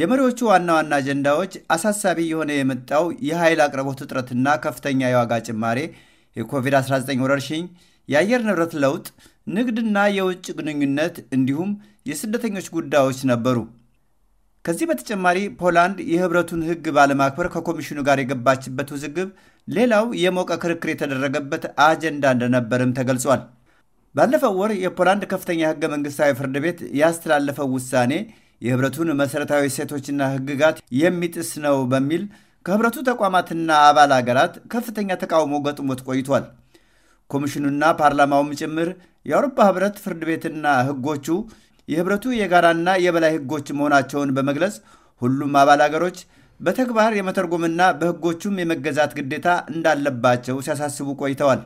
የመሪዎቹ ዋና ዋና አጀንዳዎች አሳሳቢ የሆነ የመጣው የኃይል አቅርቦት እጥረትና ከፍተኛ የዋጋ ጭማሬ፣ የኮቪድ-19 ወረርሽኝ፣ የአየር ንብረት ለውጥ፣ ንግድና የውጭ ግንኙነት እንዲሁም የስደተኞች ጉዳዮች ነበሩ። ከዚህ በተጨማሪ ፖላንድ የህብረቱን ሕግ ባለማክበር ከኮሚሽኑ ጋር የገባችበት ውዝግብ ሌላው የሞቀ ክርክር የተደረገበት አጀንዳ እንደነበርም ተገልጿል። ባለፈው ወር የፖላንድ ከፍተኛ ሕገ መንግሥታዊ ፍርድ ቤት ያስተላለፈው ውሳኔ የህብረቱን መሠረታዊ እሴቶችና ህግጋት የሚጥስ ነው በሚል ከህብረቱ ተቋማትና አባል አገራት ከፍተኛ ተቃውሞ ገጥሞት ቆይቷል። ኮሚሽኑና ፓርላማውም ጭምር የአውሮፓ ህብረት ፍርድ ቤትና ህጎቹ የህብረቱ የጋራና የበላይ ህጎች መሆናቸውን በመግለጽ ሁሉም አባል አገሮች በተግባር የመተርጎምና በህጎቹም የመገዛት ግዴታ እንዳለባቸው ሲያሳስቡ ቆይተዋል።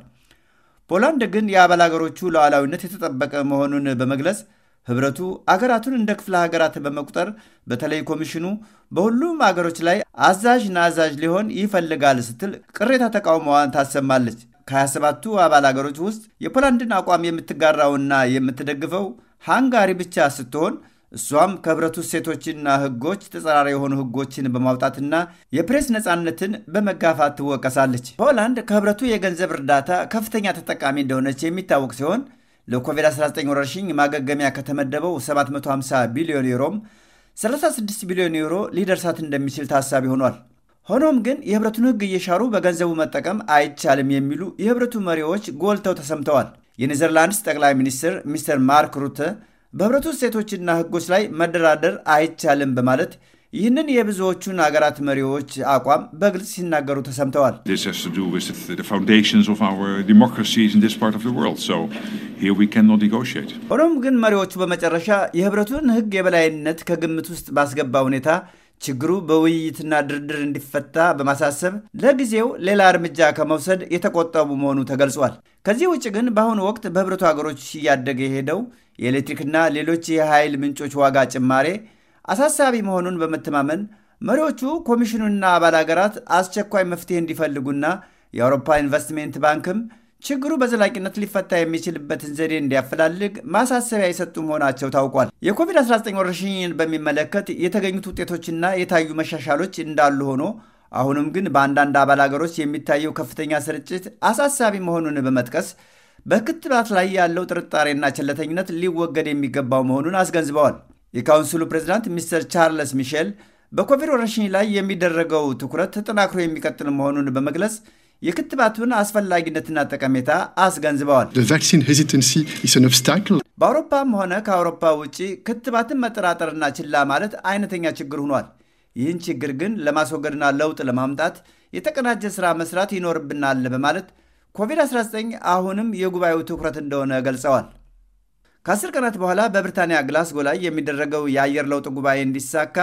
ፖላንድ ግን የአባል አገሮቹ ሉዓላዊነት የተጠበቀ መሆኑን በመግለጽ ህብረቱ አገራቱን እንደ ክፍለ ሀገራት በመቁጠር በተለይ ኮሚሽኑ በሁሉም አገሮች ላይ አዛዥ ናዛዥ ሊሆን ይፈልጋል ስትል ቅሬታ ተቃውሞዋን ታሰማለች። ከ27ቱ አባል አገሮች ውስጥ የፖላንድን አቋም የምትጋራውና የምትደግፈው ሃንጋሪ ብቻ ስትሆን እሷም ከህብረቱ ሴቶችና ህጎች ተጸራሪ የሆኑ ህጎችን በማውጣትና የፕሬስ ነፃነትን በመጋፋት ትወቀሳለች። ፖላንድ ከህብረቱ የገንዘብ እርዳታ ከፍተኛ ተጠቃሚ እንደሆነች የሚታወቅ ሲሆን ለኮቪድ-19 ወረርሽኝ ማገገሚያ ከተመደበው 750 ቢሊዮን ዩሮም 36 ቢሊዮን ዩሮ ሊደርሳት እንደሚችል ታሳቢ ሆኗል። ሆኖም ግን የህብረቱን ህግ እየሻሩ በገንዘቡ መጠቀም አይቻልም የሚሉ የህብረቱ መሪዎች ጎልተው ተሰምተዋል። የኔዘርላንድስ ጠቅላይ ሚኒስትር ሚስተር ማርክ ሩተ በህብረቱ እሴቶችና ህጎች ላይ መደራደር አይቻልም በማለት ይህንን የብዙዎቹን አገራት መሪዎች አቋም በግልጽ ሲናገሩ ተሰምተዋል። ሆኖም ግን መሪዎቹ በመጨረሻ የህብረቱን ህግ የበላይነት ከግምት ውስጥ ባስገባ ሁኔታ ችግሩ በውይይትና ድርድር እንዲፈታ በማሳሰብ ለጊዜው ሌላ እርምጃ ከመውሰድ የተቆጠቡ መሆኑ ተገልጿል። ከዚህ ውጭ ግን በአሁኑ ወቅት በህብረቱ ሀገሮች እያደገ የሄደው የኤሌክትሪክና ሌሎች የኃይል ምንጮች ዋጋ ጭማሬ አሳሳቢ መሆኑን በመተማመን መሪዎቹ ኮሚሽኑና አባል አገራት አስቸኳይ መፍትሄ እንዲፈልጉና የአውሮፓ ኢንቨስትሜንት ባንክም ችግሩ በዘላቂነት ሊፈታ የሚችልበትን ዘዴ እንዲያፈላልግ ማሳሰቢያ የሰጡ መሆናቸው ታውቋል። የኮቪድ-19 ወረርሽኝን በሚመለከት የተገኙት ውጤቶችና የታዩ መሻሻሎች እንዳሉ ሆኖ አሁንም ግን በአንዳንድ አባል አገሮች የሚታየው ከፍተኛ ስርጭት አሳሳቢ መሆኑን በመጥቀስ በክትባት ላይ ያለው ጥርጣሬና ቸለተኝነት ሊወገድ የሚገባው መሆኑን አስገንዝበዋል። የካውንስሉ ፕሬዝዳንት ሚስተር ቻርለስ ሚሼል በኮቪድ ወረርሽኝ ላይ የሚደረገው ትኩረት ተጠናክሮ የሚቀጥል መሆኑን በመግለጽ የክትባቱን አስፈላጊነትና ጠቀሜታ አስገንዝበዋል። በአውሮፓም ሆነ ከአውሮፓ ውጭ ክትባትን መጠራጠርና ችላ ማለት አይነተኛ ችግር ሆኗል። ይህን ችግር ግን ለማስወገድና ለውጥ ለማምጣት የተቀናጀ ሥራ መስራት ይኖርብናል በማለት ኮቪድ-19 አሁንም የጉባኤው ትኩረት እንደሆነ ገልጸዋል። ከአስር ቀናት በኋላ በብሪታንያ ግላስጎ ላይ የሚደረገው የአየር ለውጥ ጉባኤ እንዲሳካ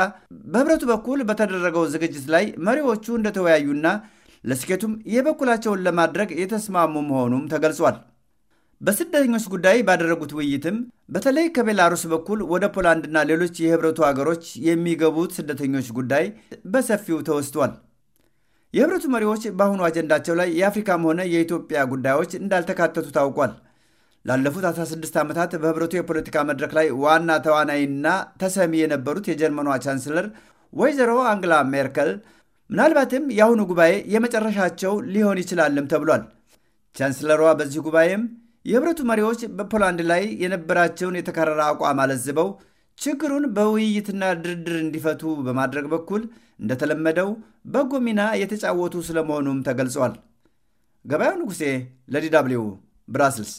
በህብረቱ በኩል በተደረገው ዝግጅት ላይ መሪዎቹ እንደተወያዩና ለስኬቱም የበኩላቸውን ለማድረግ የተስማሙ መሆኑም ተገልጿል። በስደተኞች ጉዳይ ባደረጉት ውይይትም በተለይ ከቤላሩስ በኩል ወደ ፖላንድና ሌሎች የህብረቱ አገሮች የሚገቡት ስደተኞች ጉዳይ በሰፊው ተወስቷል። የህብረቱ መሪዎች በአሁኑ አጀንዳቸው ላይ የአፍሪካም ሆነ የኢትዮጵያ ጉዳዮች እንዳልተካተቱ ታውቋል። ላለፉት 16 ዓመታት በህብረቱ የፖለቲካ መድረክ ላይ ዋና ተዋናይና ተሰሚ የነበሩት የጀርመኗ ቻንስለር ወይዘሮ አንግላ ሜርከል ምናልባትም የአሁኑ ጉባኤ የመጨረሻቸው ሊሆን ይችላልም ተብሏል። ቻንስለሯ በዚህ ጉባኤም የህብረቱ መሪዎች በፖላንድ ላይ የነበራቸውን የተከረረ አቋም አለዝበው ችግሩን በውይይትና ድርድር እንዲፈቱ በማድረግ በኩል እንደተለመደው በጎ ሚና የተጫወቱ ስለመሆኑም ተገልጿል። ገበያው ንጉሴ ለዲ ደብልዩ ብራስልስ